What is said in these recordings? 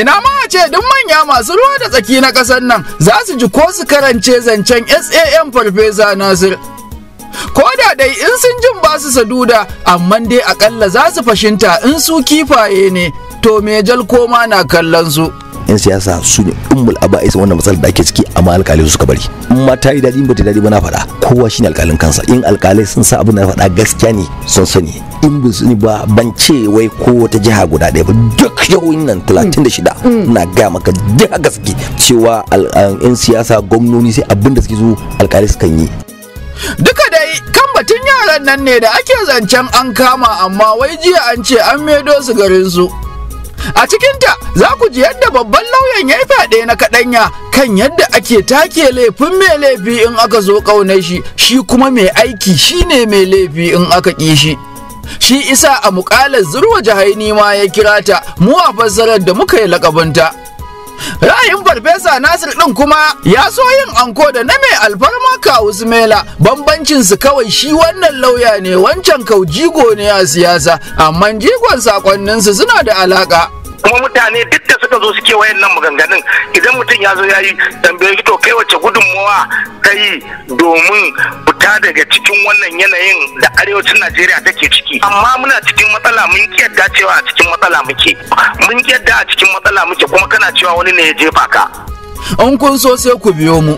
ina ma a ce duk manya masu ruwa da tsaki na ƙasar nan za su ji ko su karance zancen sam farfesa nasir ko da dai in sun jin ba su saduda amma dai akalla za su fashinta in su kifaye ne to me jal koma na kallon su. yan siyasa su ne ummul aba'is wannan matsalar da ake ciki amma alkali su suka bari in ma ta yi daɗi ba ta daɗi ba na faɗa kowa shine alkalin kansa in alkalai sun sa abin da na faɗa gaskiya ne sun sani in ba su ba ban ce wai ko wata jiha guda ɗaya ba duk yawon nan 36 mm. mm. na gaya maka jiha gaske cewa yan siyasa gwamnoni sai abin da suke zo alkalai sukan yi duka dai kan batun yaran nan ne da ake zancen an kama amma wai jiya an ce an medo su garin su a cikinta za ku ji yadda babban lauyan ya yi fyaɗe na kaɗanya kan yadda ake take laifin mai laifi in aka zo ƙaunar shi shi kuma mai aiki shi ne mai laifi in aka ƙi shi shi isa a muƙalar zurwa jahaini ma ya kira ta mu a fassarar da muka yi lakabinta ra'ayin farfesa nasir din kuma ya so yin anko da na mai alfarma kawu sumela bambancin su kawai shi wannan lauya ne wancan kau jigo ne a siyasa amma jigon saƙonninsu suna da alaka kuma mutane duk da suka zo suke wayan nan maganganun idan mutum ya zo ya yi tambaye to kai wace gudunmawa ta yi domin fita daga cikin wannan yanayin da arewacin najeriya take ciki amma muna cikin matsala mun yadda cewa a cikin matsala muke mun yadda a cikin matsala muke kuma kana cewa wani ne ya jefa ka an kun so sai ku biyo mu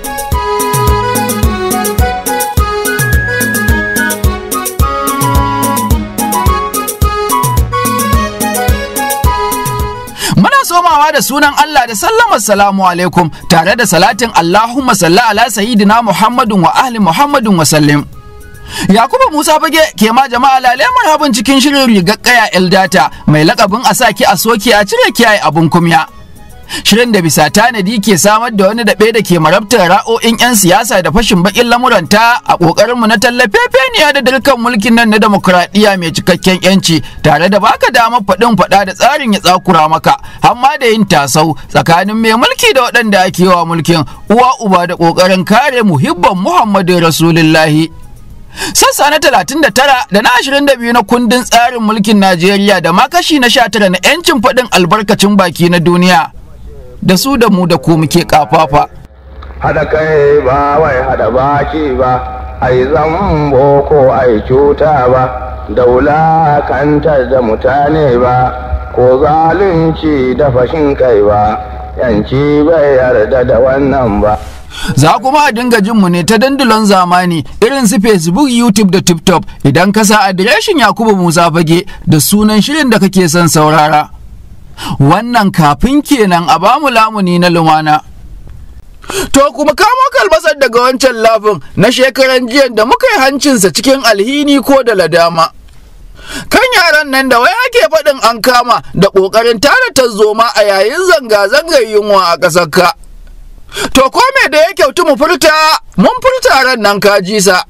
sallamawa da sunan Allah da sallama salamu alaikum tare da salatin Allahumma masalla ala sayyidina Muhammadun wa ahli Muhammadun wa sallim. Yakubu Musa Bage ke ma jama'a lalemar habin cikin shirin rigar kaya Eldata mai lakabin a saki a soki a cire kiyaye abun kumya. shirin da bisa tanadi ke samar da wani daɓe da ke marabtar ra'o'in 'yan siyasa da fashin baƙin lamuranta a ƙoƙarinmu na tallafefeniya da dalkan mulkin nan na demokuraɗiyya mai cikakken 'yanci tare da baka damar faɗin faɗa da tsarin ya tsakura maka amma da yin tasau tsakanin mai mulki da waɗanda ake wa mulkin uwa uba da ƙoƙarin kare muhibban muhammadu rasulillahi sassa na 39 da na 22 na kundin tsarin mulkin Najeriya da ma kashi na 19 na 'yancin faɗin albarkacin baki na duniya. da su da mu da ku muke kafafa hada kai ba wai hada baki ba ai zambo ko ai cuta ba daula kantar da mutane ba ko zalunci da fashin kai ba yanci bai yarda da wannan ba za kuma a dinga jin mu ne ta dandalon zamani irin su facebook youtube da tiktok idan ka sa adireshin yakubu musa fage da sunan shirin da kake son saurara wannan kafin kenan a bamu lamuni na lumana To kuma kamo kalmasar daga wancan lafin na shekaran jiya da muka yi hancinsa cikin alhini ko da ladama. Kan yaran nan da wai ake faɗin an kama da ƙoƙarin tara zoma a yayin zanga-zangar yunwa a ƙasar ka. To ko da ya kyautu mu furta mun furta ran nan ka ji sa.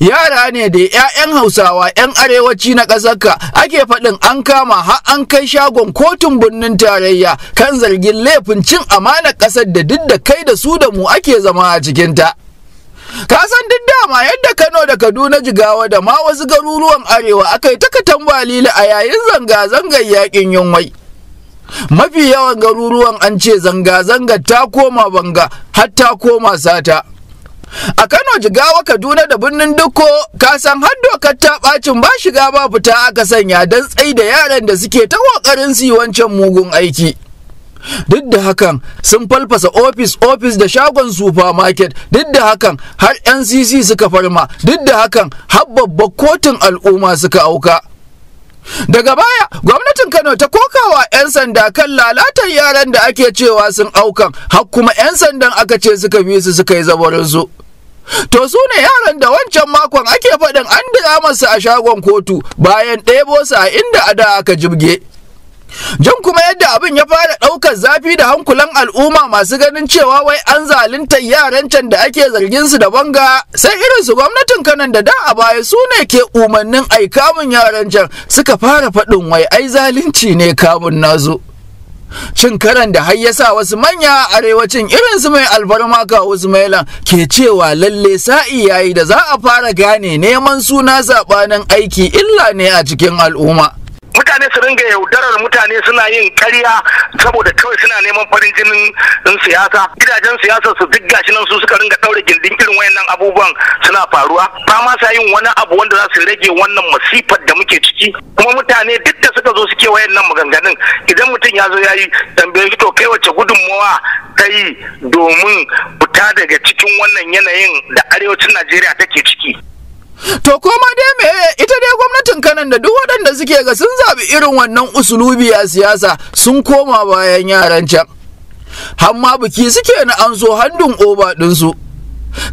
yara ne da 'ya'yan hausawa 'yan arewaci na ƙasar ka ake faɗin an kama har an kai shagon kotun birnin tarayya kan zargin laifin cin amanar ƙasar da duk da kai da su da mu ake zama a cikinta ka san duk dama yadda kano da kaduna jigawa da ma wasu garuruwan arewa aka yi taka tambalila a yayin zanga-zangar yakin yunwai mafi yawan garuruwan an ce zanga-zangar ta koma banga har ta koma sata a kano jigawa kaduna da birnin dukko kasan har dokar ta bacin ba shiga ba fita aka sanya don tsai da yaran da suke ta kokarin su wancan mugun aiki duk da hakan sun falfasa ofis ofis da shagon supermarket duk da hakan har ncc suka farma duk da hakan har babbar kotun al'umma suka auka daga baya gwamnatin kano ta kokawa 'yan sanda kan lalatar yaran da ake cewa sun aukan har kuma 'yan sandan aka ce suka bi su suka yi zabarinsu su To su ne yaran da wancan makon ake faɗin an biya masu a shagon kotu bayan ɗebo su a inda a da aka jibge. Jan kuma yadda abin ya fara ɗaukar zafi da hankulan al'umma masu ganin cewa wai an zalunta yaran can da ake zargin su da banga sai irin su gwamnatin kanan da da a baya su ne ke umarnin ai kamun yaran can suka fara faɗin wai ai zalunci ne kamun nazo. cin karan da har yasa wasu manya a arewacin irin su mai alfarma ka mailan ke cewa lalle sa'i yayi da za a fara gane neman suna saɓanin aiki illa ne a cikin al'umma mutane su ringa yaudarar mutane suna yin karya saboda kawai suna neman farin jinin siyasa gidajen siyasa su duk gashi nan su suka ringa daure gindin irin wayannan abubuwan suna faruwa ba ma sa yin wani abu wanda za su rage wannan masifar da muke ciki kuma mutane duk da suka zo suke wayannan maganganun idan mutum ya zo ya yi to kai wace gudunmawa ta yi domin fita daga cikin wannan yanayin da arewacin najeriya take ciki To koma dai me ita dai gwamnatin kanan da duk waɗanda suke ga sun zaɓi irin wannan usulubi a siyasa sun koma bayan yaran can hamma biki suke na an so handun oba ɗinsu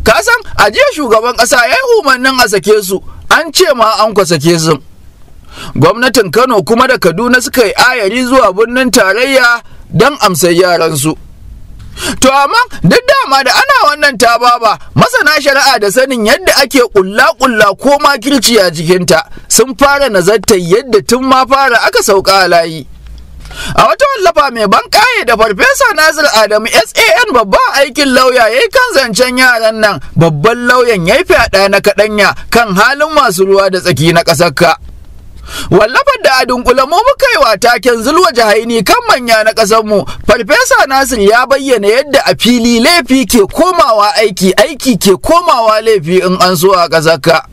kasan san a jiya shugaban ƙasa ya yi umarnin a sake su an ce ma an kwa sake su gwamnatin kano kuma da kaduna suka yi ayari zuwa birnin tarayya don amsar yaransu. su To amma duk dama da ana wannan tababa masana shari'a da sanin yadda ake ƙulla-ƙulla ko ma kirci a jikinta sun fara nazartar yadda tun ma fara aka sauka layi. A wata wallafa mai ban ƙaye da Farfesa Nasir Adamu SAN babban aikin lauya ya yi kan zancen yaran nan babban lauyan ya yi fyaɗa na kaɗanya kan halin masu ruwa da tsaki na ƙasar ka. wallafar da a dunkule mu muka yi wa taken zulwa jahaini kan manya na ƙasar mu farfesa nasir ya bayyana yadda a fili laifi ke komawa aiki aiki ke komawa laifi in an so a ƙasar ka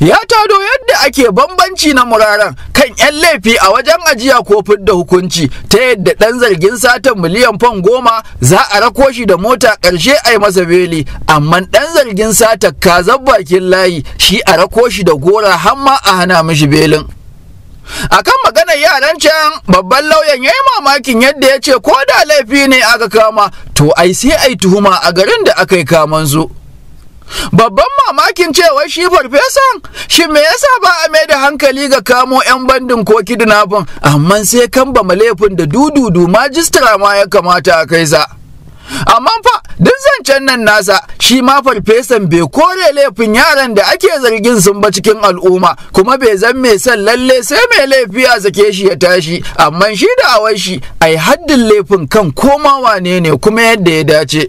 ya tado yadda ake bambanci na muraran kan 'yan laifi a wajen ajiya ko fidda hukunci ta yadda ɗan zargin satan miliyan fon goma za a rako shi da mota ƙarshe a yi masa beli amma ɗan zargin sata kazan bakin layi shi a rako shi da gora hamma a hana mishi belin akan maganar yaran can babban lauyan ya yi mamakin yadda ya ce ko da laifi ne aka kama to ai sai ai tuhuma a garin da aka yi kaman su babban mamakin cewa shi farfesan shi me yasa ba a mai da hankali ga kamo 'yan bandin ko kidnapping amma sai kan ba laifin da dududu majistra ma ya kamata a kai za amma fa duk zancen nan nasa shi ma farfesan bai kore laifin yaran da ake zargin sun ba cikin al'umma kuma bai zan mai san lalle sai mai laifi a sake shi ya tashi amma shi da awai shi ai haddin laifin kan koma wane ne kuma yadda ya dace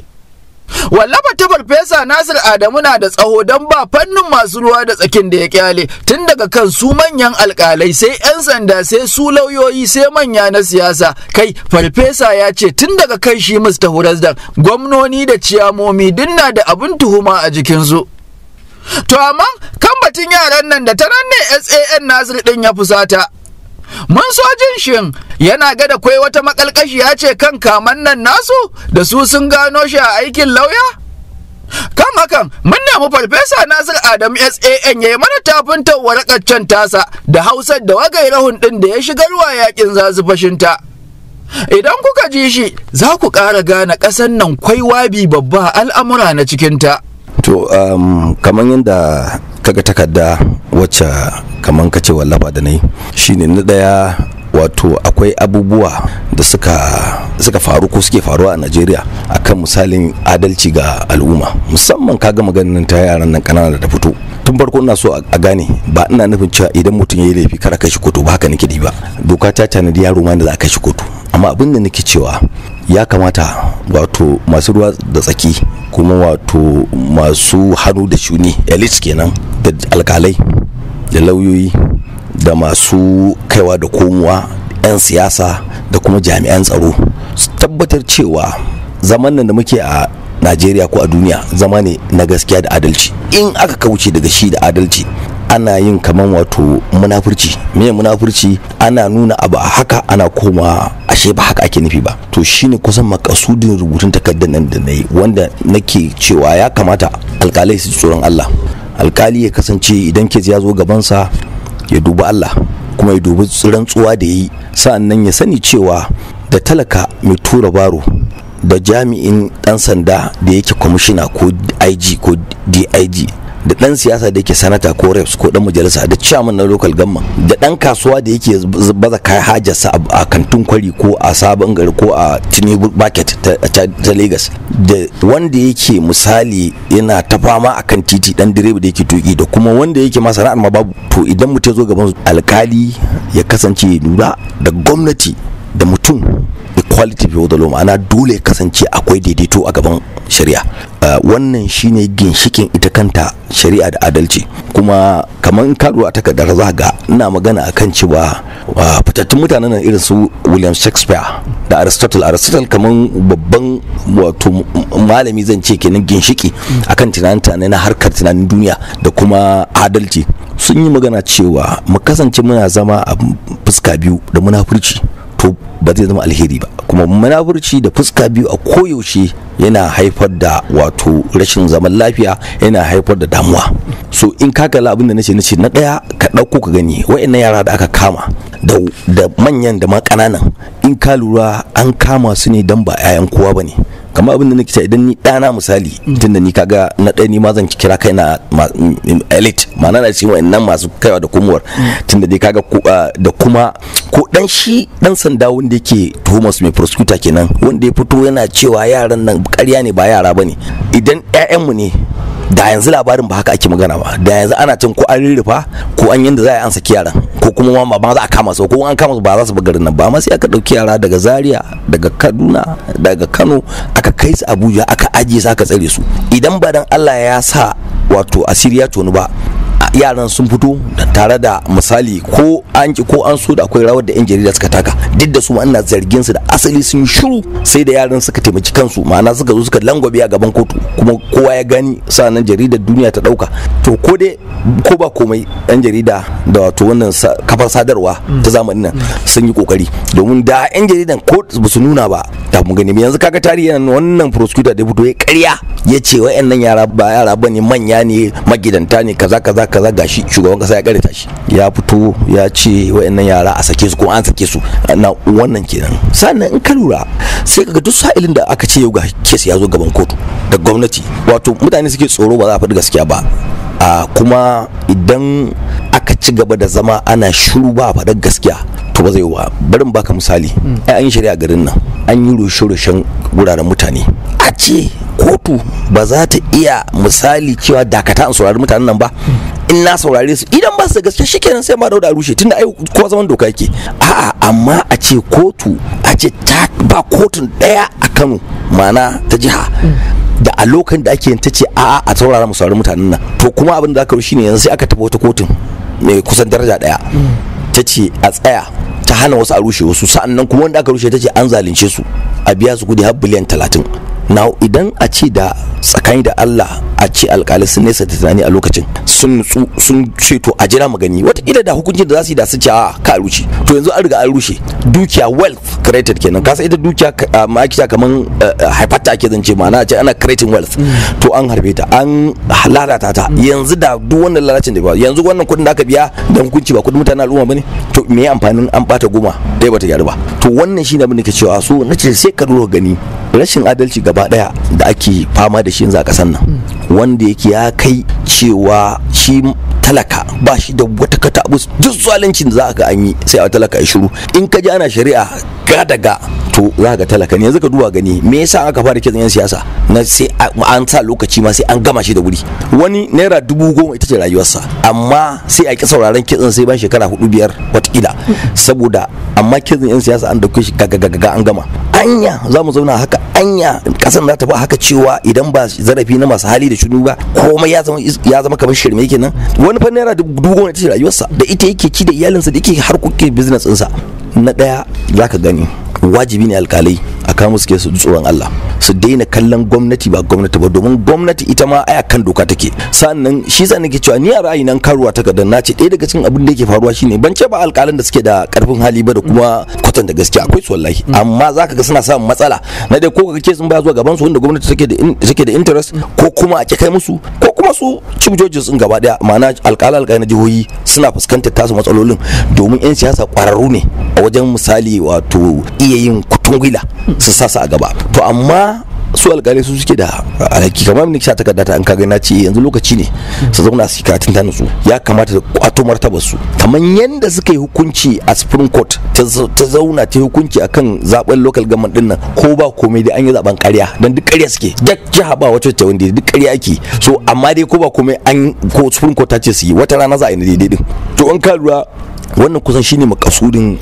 wallafa ta farfesa nasir adamu na da tsaho don ba fannin masu ruwa da tsakin da ya kyale tun daga kan su manyan alkalai sai 'yan sanda sai su lauyoyi sai manya na siyasa kai farfesa ya ce tun daga kan shi mr hurasdan gwamnoni da ciyamomi dinna da abin tuhuma a jikinsu to amma kan batun yaran nan da ta nan ne san nasir din ya fusata mun so jin shin yana gada kwai wata makalkashiya ce kan kaman nan nasu da su sun gano shi a aikin lauya kan hakan mun nemi farfesa nasir adam san ya yi mana tafin tawarakar can tasa da hausar da wagai rahun din da ya shiga ruwa yakin zazubashinta idan kuka ji shi za ku ƙara gane ƙasan nan kwai wabi babba al'amura na cikinta to um, kamar yadda ga takarda wacce kamar ka ce wallafa da na yi shine na daya wato akwai abubuwa da suka suka faru ko suke faruwa a najeriya akan misalin adalci ga al'umma musamman kaga maganin ta yaran nan kanana da ta fito tun farko ina so a gane ba ina nufin cewa idan mutum ya yi laifi kar kai shi kotu ba haka nake di ba doka ta tanadi yaro ma da za a kai shi kotu amma abin da nake cewa ya kamata wato masu ruwa da tsaki kuma wato masu hannu da shuni elis kenan da alkalai da lauyoyi da masu kaiwa da komowa 'yan siyasa da kuma jami'an tsaro su tabbatar cewa zaman nan da muke a najeriya ko a duniya zama ne na gaskiya da adalci in aka kauce daga shi da adalci ana yin kaman wato munafurci me munafurci ana nuna abu a haka ana koma ashe ba haka ake nufi ba to shi ne kusan makasudin rubutun takardar nan da na yi wanda nake cewa ya kamata alkalai su tsoron Allah alkali ya kasance idan ke ya zo gabansa ya dubi Allah kuma ya dubi rantsuwa da ya yi sa'an nan ya sani cewa da talaka mai tura baro da jami'in dan sanda da yake kwamishina ko ig ko dig da dan siyasa da yake sanata ko reps ko dan majalisa da chairman na local gamma da dan kasuwa da yake baza kai hajarsa a kantin kwari ko a sabon gari ko a tinubu market ta lagos da wanda yake misali yana ta fama a kan titi dan direba da yake tuki da kuma wanda yake masana'ar ma babu to idan mutum ya zo gaban alkali ya kasance lura da gwamnati da mutum equality biyu da law ma'ana dole kasance akwai daidaito a gaban shari'a ah, wannan shine ginshikin ita kanta shari'a da adalci kuma kamar in kaɗu a takardar za ga ina magana akan cewa ah, fitattun mutanen nan irin su william shakespeare da aristotle aristotle kamar babban wato malami zan ce kenan ginshiki akan tunanin na harkar tunanin duniya da kuma adalci sun yi magana cewa mu kasance muna zama a fuska biyu da munafurci to ba zai zama alheri ba kuma munafurci da fuska biyu a koyaushe yana haifar da wato rashin zaman lafiya yana haifar da damuwa so in ka kalla abin da nace nace na daya ka dauko ka gani wayannan yara da aka kama da manyan da ma kananan in ka lura an kama su ne dan ba 'ya'yan kowa bane kamar abin da nake cewa idan ni ɗana misali mm. tunda ni kaga na ɗaya ni ma zan kira kai na mm, elite ma'ana na cewa nan masu kaiwa da komowar mm. tunda dai kaga ah, da kuma ko dan shi dan sanda wanda yake tuhumar su mai prosecutor kenan wanda ya fito yana cewa yaran nan ƙarya ne ba yara bane idan mu ne da yanzu labarin ba haka ake magana ba da yanzu ana cin ko an rurrufa ko an yanda za a ansa yaran ko kuma ma ba za a kama su ko an kama su ba za su bi garin nan ba amma sai aka dauki yara daga Zaria daga Kaduna daga Kano aka kai su Abuja aka ajiye su aka tsare su idan ba dan Allah ya sa wato asiri ya tonu ba yaran sun fito tare da misali ko an ko an so da akwai rawar da yan jarida suka taka duk da su ma ina zargin su da asali sun shiru sai da yaran suka taimaki kansu ma'ana suka zo suka langwabe a gaban kotu kuma kowa ya gani sanan jaridar duniya ta dauka to ko dai ko ba komai yan jarida da wato wannan kafar sadarwa ta zamanin nan sun yi kokari domin da yan jaridan ko ba su nuna ba da mu gani yanzu kaga tarihi wannan prosecutor da fito ya karya ya ce wa'annan yara ba yara bane manya ne magidanta ne kaza kaza kaza gashi shugaban kasa ya karita shi ya fito ya ce wayannan yara a sake su ko an sake su na wannan kenan sannan in ka lura sai kaga duk sa'ilin da aka ce yau ga kes ya zo gaban kotu da gwamnati wato mutane suke tsoro ba za a faɗi gaskiya ba a kuma idan aka ci gaba da zama ana shiru ba faɗar gaskiya to ba zai wa barin baka misali ai an yi shari'a garin nan an yi roshe-roshen wuraren mutane a ce kotu ba za ta iya misali cewa dakata an saurari mutanen nan ba in na saurare su idan ba su da gaske shikenan sai ma dauda rushe tunda ai ko zaman doka yake a'a amma a ce kotu a ce ta ba kotun daya a Kano mana ta jiha da a lokacin da ake ta ce a'a a saurara mu saurari mutanen nan to kuma abin da aka shine yanzu sai aka tafi wata kotun mai kusan daraja daya ta ce a tsaya ta hana wasu a rushe wasu sa'an kuma wanda aka rushe ta ce an zalunce su a biya su kudi har biliyan talatin na idan a ce da tsakani da Allah a ce alkali sun nesa da tunani a lokacin sun nutsu sun ce to a jira magani wataƙila da hukuncin da za su yi da su ce ka rushe to yanzu an riga an rushe dukiya wealth created kenan kasa ita dukiya ah, ma'aikata kamar ah, haifarta ake zance ma'ana ce ana creating wealth hmm. to an harbe ta an lalata ta hmm. yanzu da duk wannan lalacin da ba yanzu wannan kuɗin da aka biya da hukunci ba kuɗin mutanen al'umma bane to me amfanin an bata goma dai bata gyaru ba to wannan shine abin da ke cewa so na ce sai ka gani rashin adalci gaba daya da ake fama da shi yanzu a kasan nan hmm. wanda yake ya kai cewa shi talaka ba shi da wata kata abu duk zalincin za ga an yi sai a talaka ya shiru in ka ji ana shari'a ga daga to za ga talaka ne yanzu ka duba gani me yasa aka fara kiran yan siyasa na sai an sa lokaci ma sai an gama shi da wuri wani naira dubu goma ita ce rayuwarsa amma sai a ki sauraron kitsin sai ban shekara hudu biyar watakila saboda amma kitsin yan siyasa an dauke shi gagagaga an gama anya za mu zauna haka anya kasan za ta ba haka cewa idan ba zarafi na masu hali da shiru ba komai ya zama kamar shirme kenan wani wani naira dubu goma ita ce rayuwarsa da ita yake ci da iyalinsa da yake harkokin business ɗinsa na ɗaya ka gani wajibi ne alkalai a kawo musu su tsoron Allah su daina kallon gwamnati ba gwamnati ba domin gwamnati ita ma aya kan doka take sannan shi sa nake cewa ni a ra'ayi nan karuwa ta na ce ɗaya daga cikin abin da yake faruwa shine ban ce ba alkalan da suke da karfin hali ba da kuma kwatan da gaskiya akwai su wallahi mm. amma zaka ga suna samun matsala na dai ko ga kesin ba zuwa gaban su wanda gwamnati take da da interest ko kuma a kai musu ko wasu chief sun gaba daya ma'ana alƙalai alƙalai na jihohi suna fuskantar tasu matsalolin domin 'yan siyasa ƙwararru ne a wajen misali wato iya yin kutun gwila su sasa a gaba to amma su alkalai su suke da alhaki kamar ni sa takarda ta an kaga na ce eh, yanzu lokaci ne su zauna su karatun ta nutsu ya kamata da kwato martaba su kamar yanda suka yi hukunci a supreme court ta zauna ta hukunci akan zaben local government din nan ko ba komai dai an yi zaben ƙarya dan duk ƙarya suke duk jiha ba wata ta wanda duk ƙarya ake so amma dai ko ba komai an ko supreme court ta ce su yi wata rana za a yi daidai din to an ka lura wannan kusan shine makasudin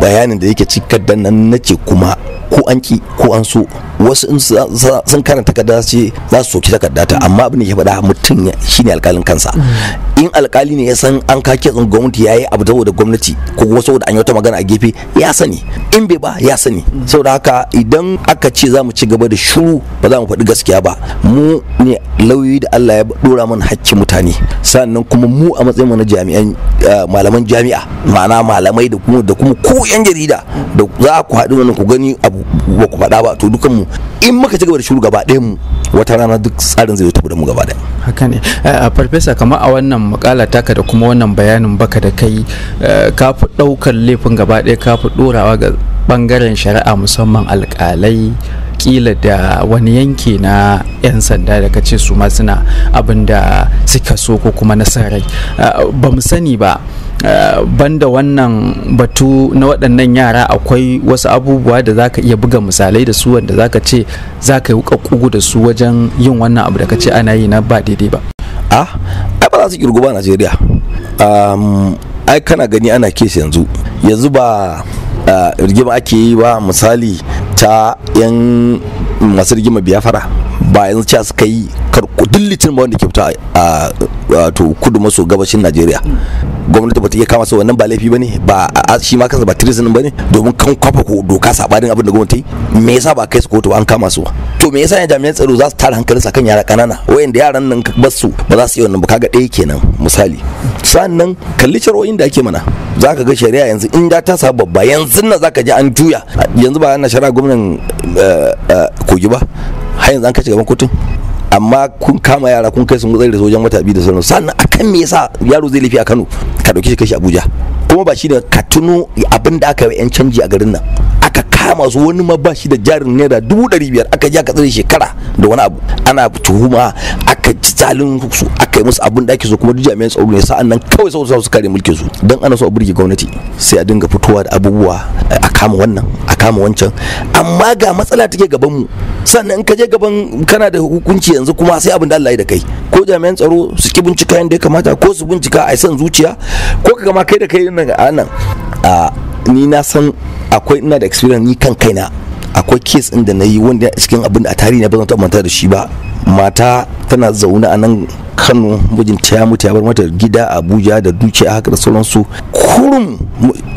bayanin da yake cikar da nan nace kuma ko an ki ko an so wasu in sun karanta takarda ce za su soki takarda ta amma abin da ya faɗa mutum shine alƙalin kansa mm. in alƙali ne ya san an ka tsin gwamnati yayi abu saboda gwamnati ko wasu saboda an yi wata magana a gefe ya sani in bai ba ya sani mm. saboda haka idan aka ce za mu ci gaba da shuru ba za mu faɗi gaskiya ba mu ne lauyoyi da Allah ya dora mana hakkin mutane sannan kuma mu a matsayin na jami'an eh, malaman jami'a ma'ana malamai da kuma da yan jarida da za ku haɗu wani ku gani abu ba ku faɗa ba to dukan mu in muka ci gaba da shiru gaba ɗayan mu wata rana duk tsarin zai tafi da mu gaba ɗaya haka ne a farfesa kamar a wannan makala taka da kuma wannan bayanin baka da kai eh, ka fi ɗaukar laifin gaba ɗaya ka fi ɗorawa ga bangaren shari'a musamman alƙalai kila da wani yanki na 'yan sanda da ka ce su ma suna abin da suka so ko kuma nasarai ba mu sani ba banda wannan batu na waɗannan yara akwai wasu abubuwa da za ka iya buga misalai da su wanda za ka ce za ka yi kugu da su wajen yin wannan abu da ka ce ana yi na ba daidai ba a ah, ai ba za su kirgu ba najeriya ai kana gani ana kesa yanzu yanzu ba rigima ake yi ba misali ta yan masu rigima biyafara ba yanzu cewa suka yi karkudin litin ba wanda ke fita a wato kudu maso gabashin najeriya gwamnati ba ta iya kama su wannan ba laifi ba ne ba shi ma kansa ba treason ba ne domin kan kwafa ko doka sabanin abin da gwamnati me yasa ba kai su kotu an kama su to me yasa ne jami'an tsaro za su tara hankalin sa kan yara kanana wayanda yaran nan ka bar su ba za su yi wannan ba kaga ɗaya kenan misali sannan kalli shari'o'in da ake mana za ka ga shari'a yanzu in da ta sa babba yanzu nan za ka ji an juya yanzu ba ana shari'a gwamnan eh, eh, kogi ba har yanzu an kace gaban kotun amma kun kama yara kun kai su mutsari da wajen wata biyu da sauran sannan akan me yasa yaro zai laifi a Kano ka dauke shi kashi Abuja kuma ba shi ne ka tuno abin da aka yi yan canji a garin nan kama su wani ma ba shi da jarin naira dubu ɗari biyar aka ja ka tsare shekara da wani abu ana tuhuma aka ci zalin su aka yi musu abin da ake so kuma duk jami'an tsaro ne sa'an nan kawai saboda su kare mulkin su dan ana so a burge gwamnati sai a dinga fitowa da abubuwa eh, a kama wannan a kama wancan amma ga matsala take gaban mu sannan in ka je gaban kana da hukunci yanzu kuma sai abin da Allah da kai ko jami'an tsaro su ki bincika yadda ya kamata ko su bincika a san zuciya ko ka gama kai da kai nan a nan ah, ni na san akwai ina da experience ni kan kaina akwai case ɗin da na yi wanda cikin abin da a tarihi na ba zan taɓa manta da shi ba mata tana zaune a nan kano mijinta ya mutu ya bar mata gida abuja da dukiya haka da sauransu kurum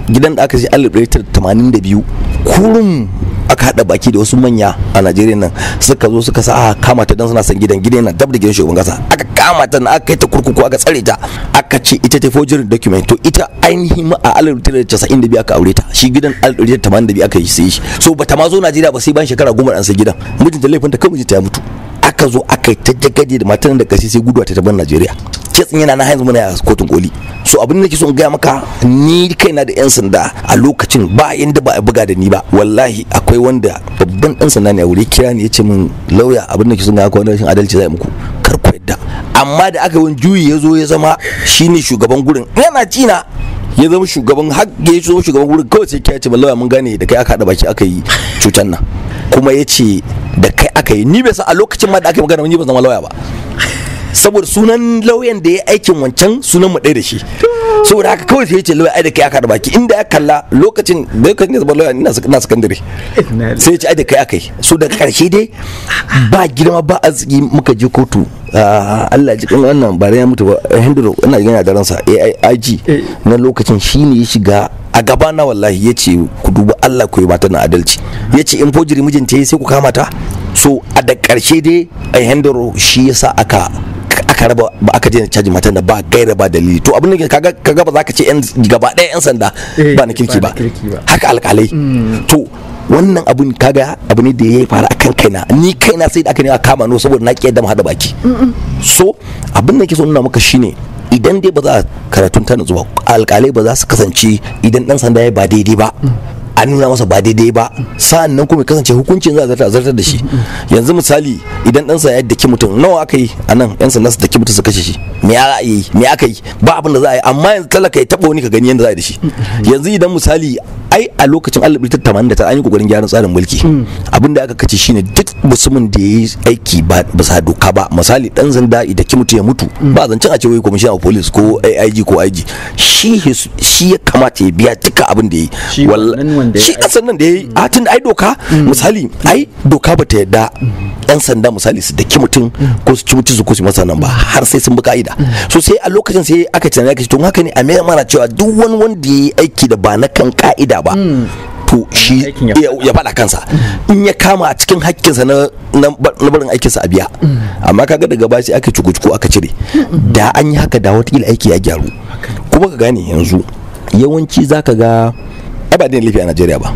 gidan da aka ce 1982 kurum aka haɗa baki da wasu manya a najeriya nan suka zo suka sa aka kama ta don suna son gidan gidan na dab da gidan shugaban kasa aka kama ta aka kai ta kurkuku aka tsare ta aka ce ita ta fojirin document to ita ainihin ma a alif casa'in da biyu aka aure ta shi gidan alif ɗari tamanin da biyu aka yi sai shi so bata ma zo najeriya ba sai ban shekara goma an sai gidan mijinta laifinta kan mijinta ya mutu aka zo aka yi ta jagaje da matan da kasi sai guduwa ta taban najeriya kitsin yana na yanzu muna a kotun koli so abin da ke so gaya maka ni kai na da yan sanda a lokacin ba da ba a buga da ni ba wallahi akwai wanda babban dan sanda ne a wuri kira ne ya ce min lauya abin da ke so in gaya maka wanda rashin adalci zai muku kar ku yadda amma da aka yi juyi ya zo ya zama shine shugaban gurin yana cina ya zama shugaban har ya zama shugaban wurin kawai sai ta ce wallahi mun gane da kai aka hada baki aka yi cutar nan kuma ya ce da kai aka yi ni bai san a lokacin ma da aka yi magana yi ba zama lauya ba saboda sunan lauyan da ya aikin wancan sunan mu ɗaya da shi saboda haka kawai sai ya ce lawyer ai da kai aka baki inda ya kalla lokacin da ya zama lawyer ina sakandare sai ya ce ai da kai aka yi so daga karshe dai ba girma ba arziki muka je kotu ah, Allah ji kuma wannan bare ya mutu ba Hindu ina gina da ransa AIG na lokacin shine ya shiga a gaba na wallahi ya ce ku duba Allah ku yi mata na adalci ya ce in fojiri mijinta ya sai ku kama ta so a da karshe dai a Hindu shi yasa aka aka raba ba aka je na caji matan da ba gaira ba dalili to abin da kaga kaga ba za ka ce yan gaba ɗaya yan sanda eh, ba na kirki ba haka alƙalai mm. to wannan abun kaga abu ne da ya fara akan kan kaina ni kaina sai da aka ne a kama no saboda na kiyar da hada baki so abin da ke so nuna maka shine idan dai ba za a karatun ta nutsuwa alƙalai ba za su kasance idan dan sanda ya ba daidai ba mm. a nuna masa ba daidai ba sa'an nan kuma kasance hukuncin za a zartar da shi yanzu misali idan ɗansa ya daki mutum nawa aka yi a nan yan sanda su daki mutum su kashe shi me ya yi me aka yi ba abin da za a yi amma yanzu talaka ya taɓa wani ka gani yadda za a yi da shi yanzu idan misali ai a lokacin ta da ta an yi kokarin gyaran tsarin mulki mm. abin da aka kace shine duk musulmin da ya yi aiki ba sa doka ba misali dan zanda idan ki mutu ya mutu mm. ba zancen a ce wai commissioner of police ko AIG ko IG shi ya kamata ya biya duka abin da ya yi shi kasan nan da ya yi mm. a tun ai doka mm. misali ai doka ba ta yadda yan sanda misali su daki mutum ko su ci mutu su ko su masa nan ba har sai sun bi ka'ida so sai a lokacin sai aka tunani aka ce to haka ne a mai mara cewa duk wani wanda ya yi aiki da ba na kan ka'ida ba to shi ya faɗa kansa in ya kama a cikin hakkinsa na barin aikinsa a biya amma kaga daga bashi aka cuku-cuku aka cire da an yi haka da wata aiki ya gyaru kuma ka gane yanzu yawanci zaka ga ai ba da laifi a Najeriya ba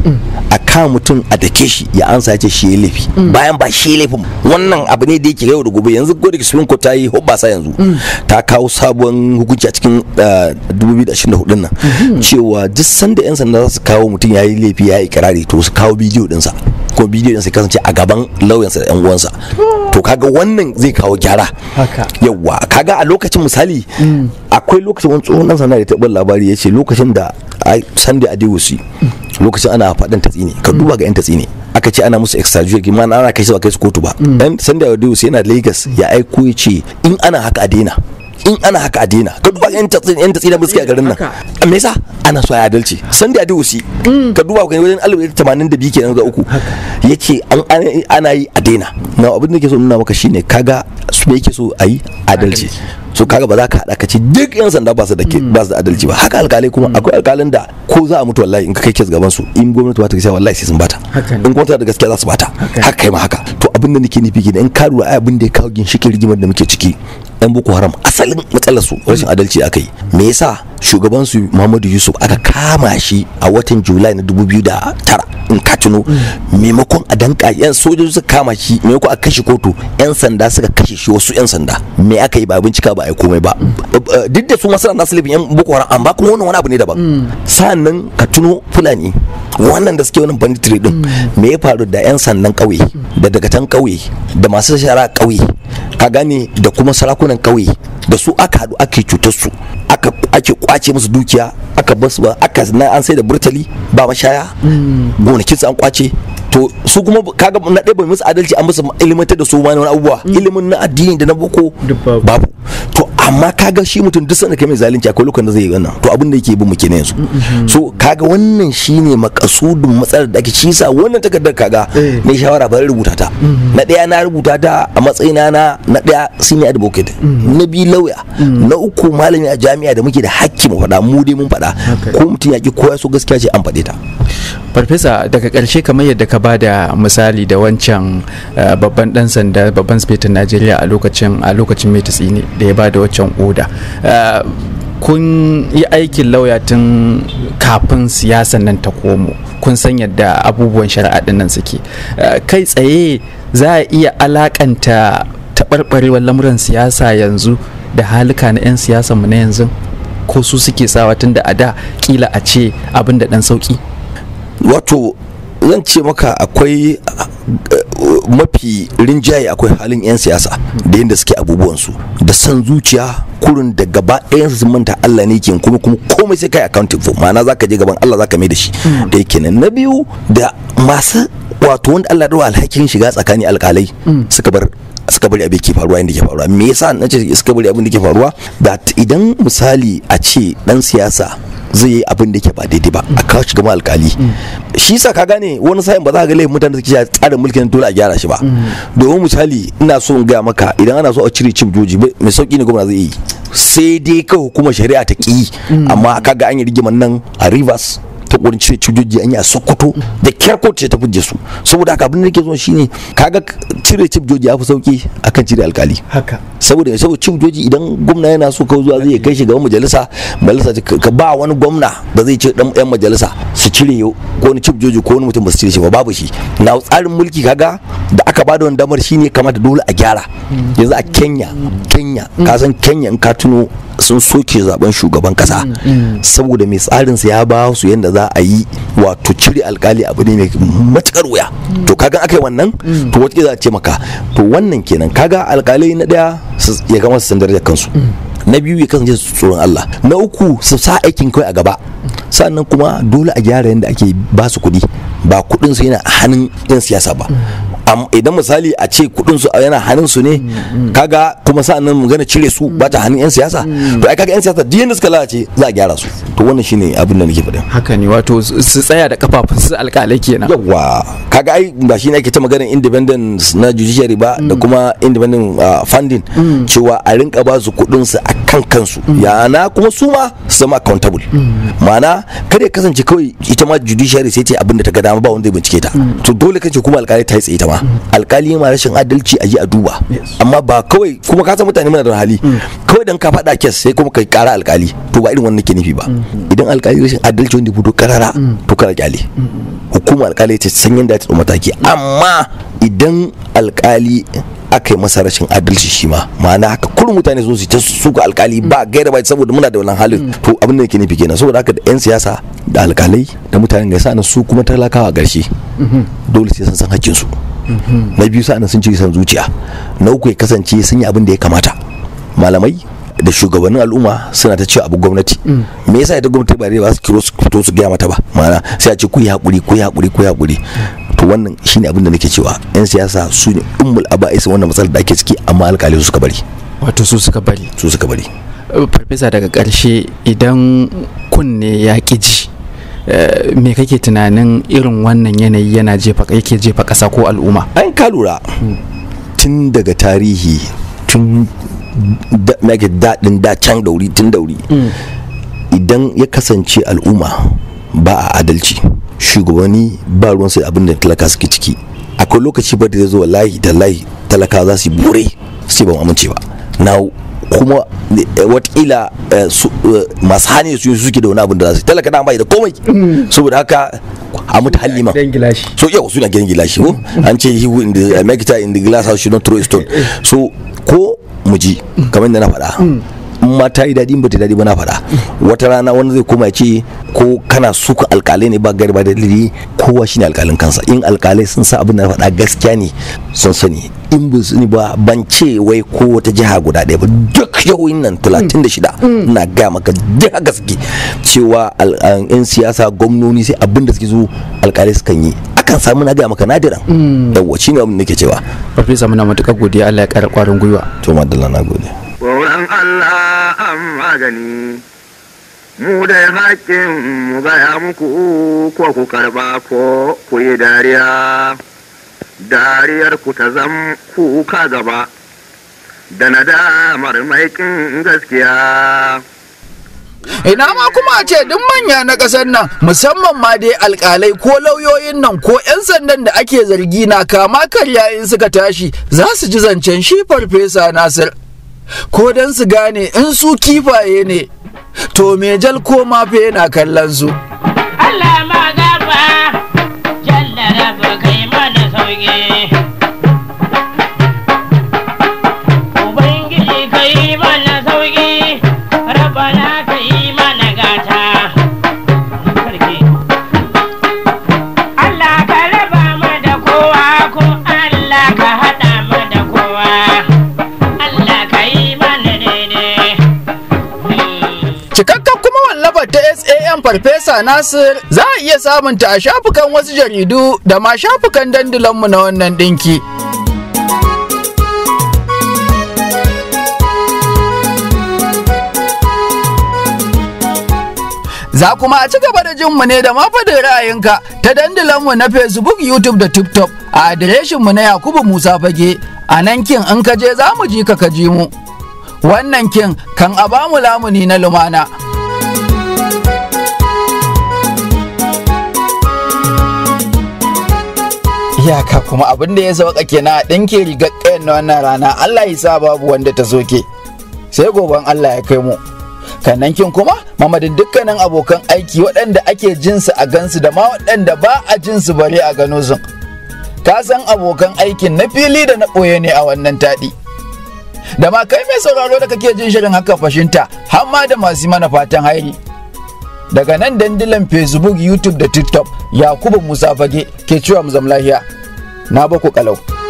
a ka mutum a dake shi ya ansa ya ce shi ya laifi mm. bayan ba shi ya laifin wannan abu ne da yake yau da gobe yanzu ko da ko ta yi hobbasa yanzu mm. ta kawo sabon hukunci a cikin 2024 ah, nan mm-hmm. cewa duk sanda yan sanda za su kawo mutum ya yi laifi ya yi ikirari to su kawo bidiyo dinsa ko bidiyo dinsa kasance a gaban lauyansa da yan uwansa mm. to kaga wannan zai kawo gyara yawwa kaga a lokacin misali akwai lokacin wani tsohon dan sanda da taɓa labari ya ce lokacin da a adewusi lokacin ana faɗin tatsi ne ka duba ga yan tatsi ne aka ce ana musu extrajudicial kuma ana kai su ba kai su kotu ba mm. dan a adewusi yana lagos ya aiko ya ce in ana haka a dena in ana haka a dena ka duba yan tatsi yan tatsi da muke a garin nan me yasa ana so ya adalci a adewusi mm. ka duba ga wajen 1982 kenan da uku yace ana yi a dena na abin da ke so nuna maka shine kaga su yake so a yi adalci so kaga ba za ka haɗa ka ce duk yan sanda ba su da ke mm. ba su da adalci ba haka alkalai kuma mm. akwai alkalin da ko za a mutu wallahi in ka kai kes gaban su in gwamnati ba ta gaskiya wallahi sai sun bata in kuma ta da gaskiya za su bata haka kai ma haka to abin da nake nufi kenan in ka lura ai abin da ya kawo ginshikin rigimar da muke ciki yan boko haram asalin matsalar su rashin adalci aka yi me yasa shugaban su Muhammadu Yusuf aka kama shi a watan Julai na 2009 in ka tuno mm. maimakon a danka yan sojoji suka kama shi maimakon a kashe kotu yan sanda suka kashe shi wasu yan sanda me aka yi ba bincika ba ba a yi komai ba duk da su masu nasu laifin yan boko haram amma kuma wannan wani abu ne daban mm. nan ka tuno fulani wannan da suke wannan banditry din mm. me ya faru da yan sandan kauye da daga can kauye da masu shara kauye ka gane da kuma sarakunan kauye da su aka haɗu ake cutar su aka ake kwace musu dukiya aka basu ba aka na an sai da burtali ba mashaya gonakin su an kwace to su kuma kaga na ɗaya ba musu adalci an musu ilimantar da su ma wani abubuwa mm. ilimin na addini da na boko babu to amma kaga shi mutum duk sanda kai mai zalunci akwai lokacin da zai yi wannan to abin da yake bin mu kenan yanzu mm-hmm. so kaga wannan shine makasudin matsalar da ake ci sa wannan takardar kaga eh. ne shawara bari rubuta ta mm-hmm. na daya na rubuta ta a matsayina na na daya senior advocate mm-hmm. na biyu lawyer na uku malami a jami'a da muke da hakki mu faɗa mu dai mun faɗa ko mutum ya ki koya so gaskiya ce an faɗe ta farfesa daga karshe kamar yadda ka bada misali da wancan eh, babban dan sanda babban spetin Najeriya a lokacin a lokacin mai tsini da ya bada wancan oda eh, kun yi aikin lauya tun kafin siyasan nan ta komo kun san yadda abubuwan shari'a nan suke eh, kai tsaye za a iya alakanta taɓarɓarewar lamuran siyasa yanzu da halika na 'yan mu na yanzu ko su suke sawa tun da a da kila a ce abin da ɗan sauƙi wato zan ce maka akwai mafi rinjaye akwai halin 'yan siyasa da yadda suke abubuwansu da san zuciya kurin da gaba ɗayan su manta Allah ne kin kuma kuma komai sai kai accounting for ma'ana zaka je gaban Allah zaka mai da shi da hmm. yake nan na biyu da masu wato wanda Allah ya alhakin shiga tsakani alkalai hmm. suka bar suka bari abin ke faruwa inda ke faruwa me yasa na ce suka bari abin da ke faruwa that idan misali a ce dan siyasa zai yi abin da ke ba daidai ba a kawo shi alkali shi sa ka gane wani sa'in ba za ka ga laifin mutane da suke tsarin mulkin dole a gyara shi ba domin misali ina so in gaya maka idan ana so a cire cin joji mai sauki ne gwamna zai yi sai dai ka hukumar shari'a ta ki amma ka ga an yi rigimar nan a rivers ta ƙorin cire joji an yi a sokoto da kyar ta fi su saboda haka abin da ke so shine ga cire cijoji ya fi sauki akan cire alkali haka saboda saboda joji idan gwamna yana so ka zuwa zai kai shi gaban majalisa majalisa ka ba wani gwamna da zai ce dan yan majalisa su cire ko wani cijoji ko wani mutum ba su cire shi ba babu shi na tsarin mulki kaga da aka ba da wani damar shine da dole a gyara yanzu a kenya kenya ka san kenya in ka sun soke zaben shugaban kasa saboda mai tsarin sa ya ba su yadda za a yi wato cire alkali abu ne mai matukar wuya to kaga aka yi wannan to wata za a ce maka to wannan kenan kaga alkalai na daya ya gama su san da kansu na biyu ya kasance tsoron Allah na uku su sa aikin kai a gaba sannan kuma dole a gyara yadda ake ba su kuɗi ba kuɗin su yana hannun yan siyasa ba idan misali a ce kudin su yana hannun su ne kaga kuma sa'annan mu gana cire su ba ta hannun yan siyasa to ai kaga yan siyasa duk yanda suka lalace za a gyara su to wannan shine abin da nake faɗa haka ne wato su tsaya da kafafun su alƙalai kenan yawa kaga ai ba shine ake ta maganar independence na judiciary ba da kuma independent ah, funding cewa a rinka ba su kudin su akan kansu yana kuma su ma su zama accountable ma'ana kada ya kasance kawai ita ma judiciary sai ce abin da ta ga dama ba wanda ya bincike ta to dole kace kuma alƙalai ta yi tsaye ta ma ba alkali ma rashin adalci a yi a duba amma ba kawai kuma ka san mutane muna da hali mm. kawai dan ka faɗa kes sai kuma kai ƙara alkali to ba irin wannan ke nufi ba mm-hmm. idan alkali rashin adalci wanda budo karara mm. to kara kyale mm-hmm. hukumar alkali ta san yanda ta mataki mm. amma idan alkali aka yi masa rashin adalci shi ma ma'ana haka kullum mutane sun su ta suka alkali ba gaira ba saboda muna da wannan halin to abin da yake nufi kenan saboda haka da yan siyasa da alkalai da mutanen gaisa na su kuma talakawa garshe mm-hmm. dole sai san san hakkin su na biyu sa'an sun cire san zuciya na uku ya kasance sun yi abin da ya kamata malamai da shugabannin al'umma suna ta cewa abu gwamnati mm. me yasa ita gwamnati ba ba su kiro su fito su gaya mata ba ma'ana sai a ce ku yi hakuri ku yi hakuri ku yi hakuri to wannan shine abin da nake cewa yan siyasa su ne ummul aba'is wannan matsalar da ake ciki amma alƙalai suka bari wato su suka bari su suka bari farfesa daga ƙarshe idan kunne ya ƙi ji Eh, me kake tunanin irin wannan yanayi yana jefa yake jefa ƙasa ko al'umma an ka lura hmm. tun daga tarihi tun make daɗin da can dauri tun dauri hmm. idan ya kasance al'umma ba a adalci shugabanni ba ruwansa abin da talaka suke ciki akwai lokaci ba da zai zo wallahi da layi talaka za su yi bure sai ban amince ba na kuma eh, watakila eh, eh, masu hane su suke da wani abin da za su talaka na bai da komai mm. saboda haka a mutu halima so yau suna gidan gilashi ko mm. an ce he in the makita in the glass house should not throw a stone so ko mu ji kamar da na faɗa mm. in ta yi daɗi ba ta daɗi ba na faɗa wata rana wani zai koma ce ko kana suka alkalai ne ba gari ba dalili kowa ne alƙalin kansa in alkalai sun sa abin da faɗa gaskiya ne sun sani in ba su ba ban ce wai ko wata jiha guda ɗaya ba duk jihohin nan 36 na gaya maka jiha gaske cewa 'yan siyasa gwamnoni sai abin da suke zo alƙalai sukan yi akan samu na gaya maka nadiran mm. yawwa ne abin da nake cewa farfesa muna matuƙar godiya Allah ya ƙara ƙwarin gwiwa to madalla na gode tsoron Allah an magani mu da haƙƙin mu gaya muku ko ku karɓa ko ku yi dariya dariyar ku ta zam kuka gaba da na damar maikin gaskiya ina ma kuma a ce duk manya na ƙasar nan musamman ma dai alƙalai ko lauyoyin nan ko 'yan sandan da ake zargi na kama karya in suka tashi za su ji zancen shi farfesa nasir ko dan su gane in su kifaye ne to me jal ko mafe yana kallon su Allah ma gaba jallara ba kai mana sauki maganan farfesa Nasir za a iya samunta a shafukan wasu jaridu da ma shafukan dandulanmu na wannan dinki. Za kuma a ci gaba da jinmu ne da mafadin ra'ayinka ta dandulanmu na Facebook, YouTube da TikTok a adireshinmu na Yakubu Musa Fage, a nan kin in ka je za mu ji ka ka ji mu. Wannan kin kan a bamu lamuni na lumana. iyaka kuma abin da ya sauka kenan a ɗinke rigar ƙayan na wannan rana Allah ya sa babu wanda ta soke sai goban Allah ya kai mu kannan kin kuma mamadin dukkanin abokan aiki waɗanda ake jinsu a gansu da ma waɗanda ba a jinsu bare a gano su ka san abokan aikin na fili da na ɓoye ne a wannan taɗi da ma kai mai sauraro da kake jin shirin haka fashinta har ma da masu mana fatan hairi daga nan dandilan facebook youtube da tiktok yakubu musa fage ke cewa mu zama lahiya na baku kalau